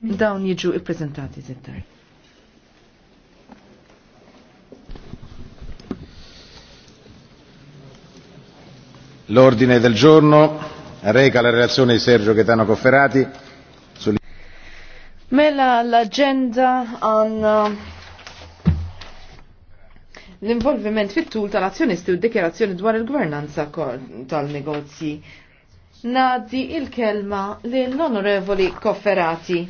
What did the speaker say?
Dawn jiġu ippreżentati zittar. L'ordine del giorno reca la relazione di Sergio Chetano Cofferati. Sul... Mela l-agenda għanna uh, l-involviment fit-tul tal-azzjonisti u d dekjerazzjoni dwar il-gvernanza tal-negozji. Nadi il-kelma lill-onorevoli Cofferati.